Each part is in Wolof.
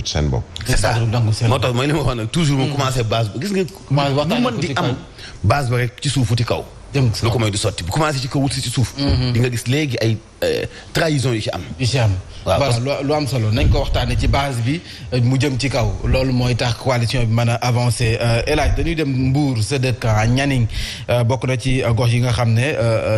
ut seen bopp. c'est ça moo tax mooy li ma wax nag toujours mu commencé base ba gis nga. commencé waxtaanee mën di am base ba rek ti kaw. jëm lu ko mooy du sotti bu commencé ci kaw wut mhm. euh, yu ci am. yu ci am voilà lu solo nañ ko waxtaanee ci base bi euh, mu jëm ci kaw loolu mooy tax coalition bi man a avancer euh, El Hadj dañuy dem Mbour Sédéka Nianing bokk na ci gox yi nga xam ne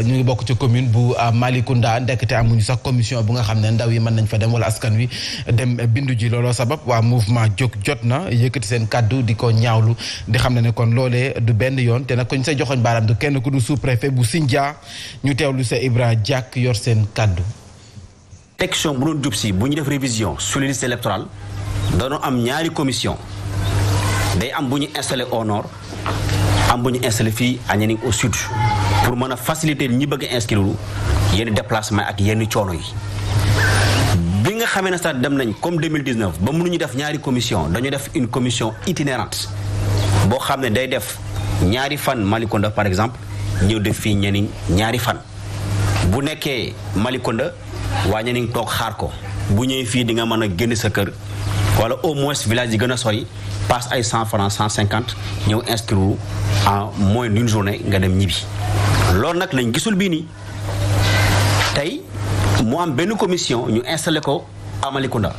ñu ngi bokk ci commune bu Malicounda ndekete amuñu sax commission bu nga xam ne ndaw yi mën nañ fa dem wala askan wi dem bindu ji looloo sabab waa mouvement jóg jot na yëkkati seen kàddu di ko ñaawlu di xam ne ne kon loolee du benn yoon te nag koñ sa joxoñ baaraam du kenn ku du sous-préfet bu Sindia ñu teew lu sa Ibra Diak yor seen kàddu. textion bu doon jub bu ñu def révision sur les listes électorales am ñaari commission day am bu ñu installé au nord am bu ñu installé fii à Nianing au sud pour mën a faciliter ñi bëgg a inscrire yenn déplacement ak yenn coono yi. bi nga xamee ne sax dem nañ comme 2019 ba mënuñu def ñaari commission dañu def une commission itinérante boo xam ne day def ñaari fan Malicounda par exemple ñëw def fii ñeniñ ñaari fan bu nekkee Malicounda waa ñeniñ toog xaar ko bu ñëwee fii di nga mën a génn sa kër wala au moins village yi gën a sori passe ay cent francs cent cinquante ñëw inscrire en moins d'une journée nga dem ñibbi loolu nag lañ gisul bii nii tey mu am benn commission ñu installé ko à Malicounda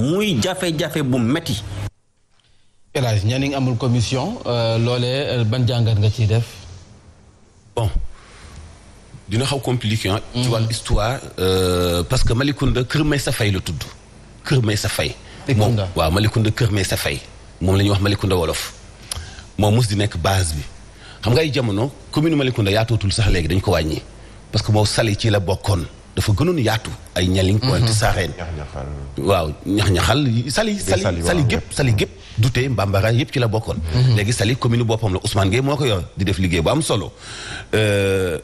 muy jafe-jafe bu metti El Hadj amul commission euh, loole euh, ban jàngat nga ci def. bon dina xaw compliqué ah. ci mm. wàllu histoire. Euh, parce que Malicounda Kër sa Faye la tudd. Kër Maysa Faye. moom waaw Malicounda Kër Maysa Faye moom la ñuy wax Malicounda wolof. moom mos di nekk base bi xam nga ay jamono commune Malicounda yaatootul sax léegi dañ ko wàññi parce que moom Saly ci la bokkoon dafa gënoon yaatu ay ñaliñ mm-hmm. pointe sareen waaw ñax ñaxal Saly Saly Saly gépp sali gépp dute mbambara yëpp ci la bokkoon mhm. léegi Saly commune boppam la Ousmane Gueye moo ko yor di def liggéey bu am solo euh,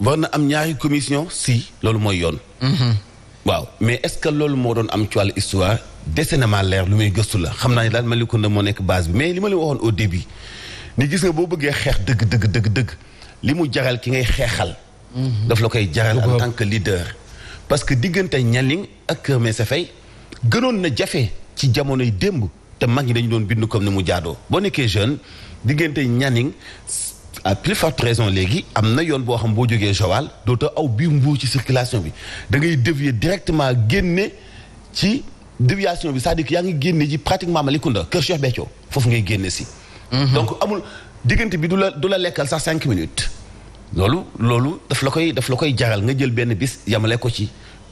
war na am ñaari commission si loolu mooy yoon mhm. waaw mais est-ce que loolu moo doon am ci wàllu histoire dese na maa leer lu muy gëstu la xam naa ne daal ma ni kon moo nekk base mais li ma leen waxoon au début ni gis nga boo bëggee xeex dëgg dëgg dëgg dëgg li mu jaral ki ngay xeexal mhm. daf la koy jaral en tant leader parce que diggante ñaling ak Kër Meesa Faye gënoon na jafe ci jamonoy démb te mag ñi dañu doon bind comme ni mu jaadoo boo nekkee jeune diggante ñaning à plus forte raison léegi am na yoon boo xam boo jógee Joal dootoo aw biir mbuur ci circulation bi da ngay dévier directement génne ci déviation bi cest à yaa ngi génne ji pratiquement Malicounda Kër Cheikh Béthio foofu ngay génne si. Mhm. donc amul diggante bi du la du la lekkal sax cinq minutes. loolu loolu daf la koy daf la koy jaral nga jël benn bis yamale ko ci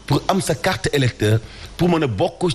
pour am sa carte électeur pour mën a bokk